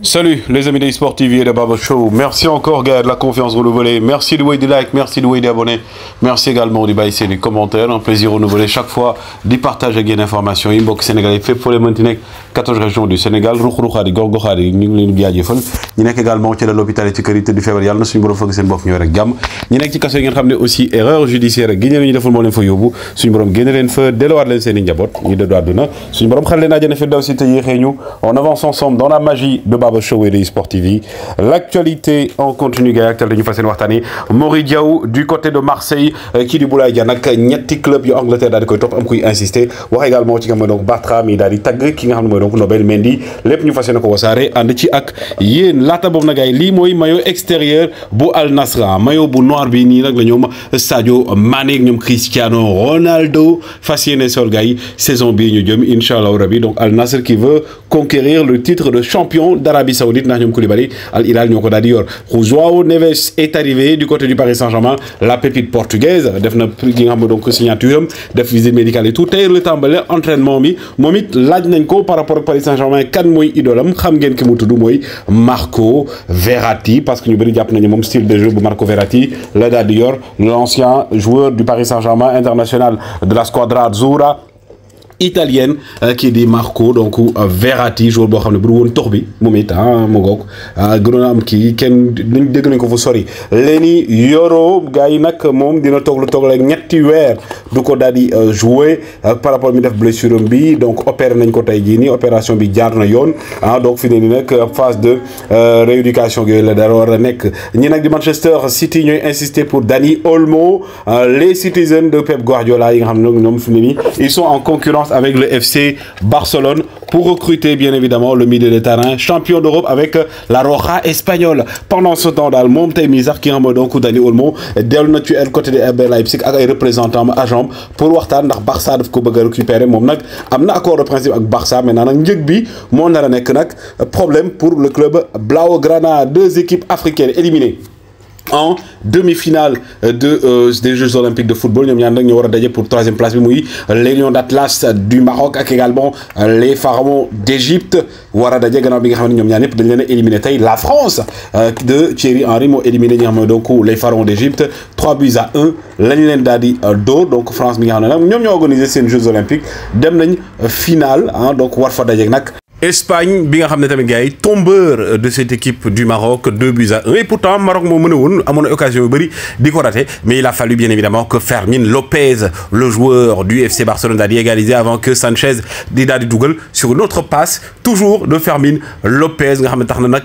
Salut les amis des Sport TV et de Baba Show. Merci encore gars de la confiance renouvelée. Merci de way du like, merci de way des abonnés. Merci également du bail les commentaires. Un plaisir renouvelé chaque fois. Du partager et gain d'informations. Inbox est fait pour les Montenegro 14 régions du Sénégal. Roukh di Gorgo Khadi, ñu ngi leen jaajëfal. ñi nekk également ci l'hôpital et ci kër yi tëdd feebar yàlla na suñu borom fëgg seen bopp ñëw rek jàmm. ñi nekk ci kaso yi ngeen xam aussi erreur judiciaire gi ñu deful moo leen fa yóbbu. Suñu borom génne leen fa delluwaat leen seen i njaboot. Ñu dëddu àdduna. Suñu borom xale leen àjjana fi daw si te yéexee ñu. On avance ensemble dans la magie de Baba Show et de TV l'actualité en continu gars actuel nous fas yéene waxtaanee Diaw du côté de Marseille qui euh, du Boulaye Dia ñetti club yu Angleterre daal di koy am insister wax également ci nga xam qui donc Bartra mi daal di tagg ki nga xam donc Nobel Mendy Les ñu fas yéene ko wasaare ànd ci ak yéen lata boobu nag ay maillot extérieur bu Al Nassr maillot bu noir bini. nii Stadio la ñoom Mané ñoom Cristiano Ronaldo fas yéene sol saison bii ñu jëm Inshallah. rabi donc Al Nasr qui veut conquérir le titre de champion Arabie Saoudite ndax ñom Koulibaly Al Hilal ñoko ko yor Neves est arrivé du côté du Paris Saint-Germain la pépite portugaise def na nga xam donc signature def visite médicale et tout Et le temps entraînement mi momit it laaj ko par rapport au Paris Saint-Germain kan moy idolam xam ngeen ki mu tuddu moy Marco Verratti parce que ñu bëri japp nañ mom style de jeu bu Marco Verratti la l'ancien joueur du Paris Saint-Germain international de la Squadra azura italienne est euh, de Marco donc euh, Verratti joueur bo xamne bu won woon tox bi moom it ah mu ngoog euh, gënoon am ki ken luñ dégg nañ ko fu sori Leny Yoro gars nak mom dina toog lu ñetti weer du ko daal jouer par rapport mi def blessure bi donc opéré nañ ko tay jii ni opération bi jaar na yoon ah, donc fini ne phase de rééducation que la dara wara nek ñi nak di Manchester City ñoy insister pour Dani Olmo les citizens de Pep Guardiola yi nga xam ne ñoom ils sont en concurrence avec le FC Barcelone pour recruter bien évidemment le milieu de terrain champion d'Europe avec euh, la Roja espagnole pendant ce temps dans le monde mii qui a donc Dani Olmo côté de RB Leipzig avec représentant à agent pour voir ndax Barça de récupérer moom nag Amna accord de principe avec Barça mais il y bi a problème pour le club Blaugrana deux équipes africaines éliminées en demi-finale de euh, des Jeux Olympiques de football Nous ñaar nag pour war pour troisième place les Lions d'Atlas du Maroc ak également les Pharaons d'Égypte Nous a daje bi la France euh, de Thierry Henry moo éliminé les Pharaons d'Égypte 3 buts à 1 Les leen d'Atlas euh, donc France bi organisé ces Jeux Olympiques dem nañ finale hein, donc war fa Espagne bien nga tamit tombeur euh, de cette équipe du Maroc 2 buts à 1. et pourtant Maroc mo à a occasion yu mais il a fallu bien évidemment que Fermin Lopez le joueur du FC Barcelone d'aller égalisé égaliser avant que Sanchez di daal sur une autre passe toujours de Fermin Lopez nga xamné tax na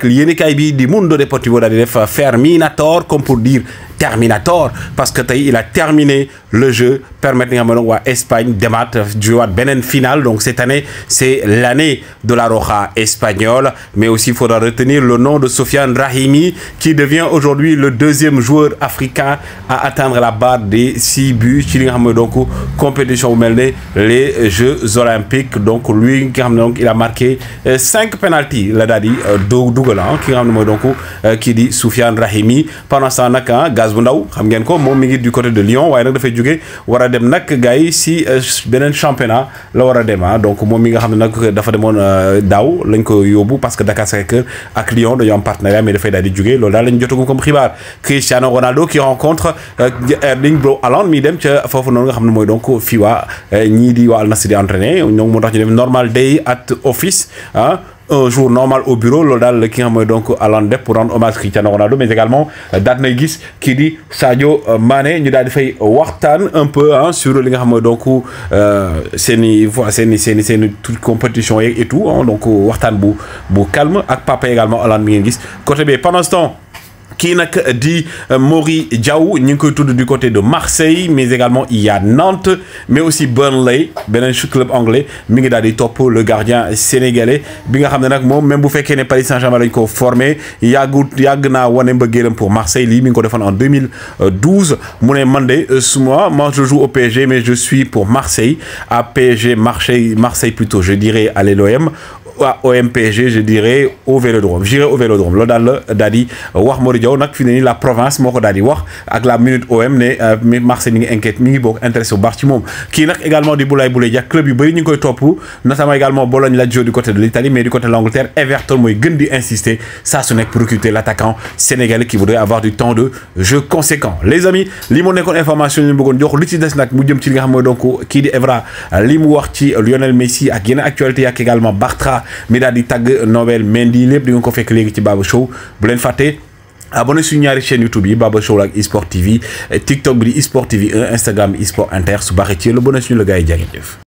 bi di Mundo Deportivo a tort, comme pour dire Terminator parce que il a terminé le jeu permettant à l'Espagne Espagne de final donc cette année c'est l'année de la Roja espagnole mais aussi il faudra retenir le nom de Sofiane Rahimi qui devient aujourd'hui le deuxième joueur africain à atteindre la barre des 6 buts donc compétition les Jeux olympiques donc lui il a marqué 5 euh, penalties la dali qui euh, hein, euh, Sofiane Rahimi pendant ce hein, temps ndaw xam ko du côté de Lyon waaye nag dafay jóge war a dem nag gars yi si euh, beneen championnat la war a dem ah. donc moom mi nga xam ne dafa demoon euh, daw lañ ko parce que Dakar sacré Lyon Je am partenariat mais dafay daal di jóge loolu daal lañ jotagum comme Cristiano Ronaldo qui rencontre euh, Erling bro Haaland mi dem ca foofu noonu nga xam ne donc fii waa ñii di waa Al normal day at office ah un jour normal au bureau l'Odal qui a donc à pour rendre hommage à Cristiano Ronaldo mais également daat qui dit, ça y Sadio euh, Mané ñu avons fait fay un peu hein, sur le nga donc c'est une toute compétition et tout hein, donc Wartan bu calme ak papa également à mi côté pendant ce temps. Kinak dit di euh, Mori Diaw ni ngi tout du côté de Marseille mais également il y a Nantes mais aussi Burnley beneen club anglais mi ngi Topo, le gardien sénégalais bi nga même vous faites qu'il même bu Saint-Germain ko formé yàggut Yagna naa pour Marseille lii mi ngi en 2012 mu Mandé, su euh, mois moi je joue au PSG mais je suis pour Marseille à PSG Marseille Marseille plutôt je dirais à l'OM au MPG je dirais au Vélodrome j'irai au Vélodrome loolu daal la daal di wax on a fini la province Moko Dadi daal avec wax ak la minute OM ne euh, Marseille n'est ngi inquiète mi intéressé au baax ci moom kii nag également di Boulaye Boulaye Dia club yu bëri ñu ngi koy notamment également Bologne Lazio du côté de l'Italie mais du côté de l'Angleterre Everton mooy gën insisté insister ce su pour recruter l'attaquant sénégalais qui voudrait avoir du temps de jeu conséquent les amis li est information yi ñu bëggoon jox lu des nag mu jëm ci li nga xam donc kii di Evra li wax ci Lionel Messi ak yeneen actualité yi également Bartra mi daal di tagg Noël Mendy lépp di nga ko fekk léegi ci Baba Show bu leen fàtte. abonné suñu ñaari chaîne YouTube yi Baba Show ak eSport TV TikTok bi di eSport TV 1 Instagram eSport Inter su baaxee ci la bonne suñu la gars yi jàngeen jëf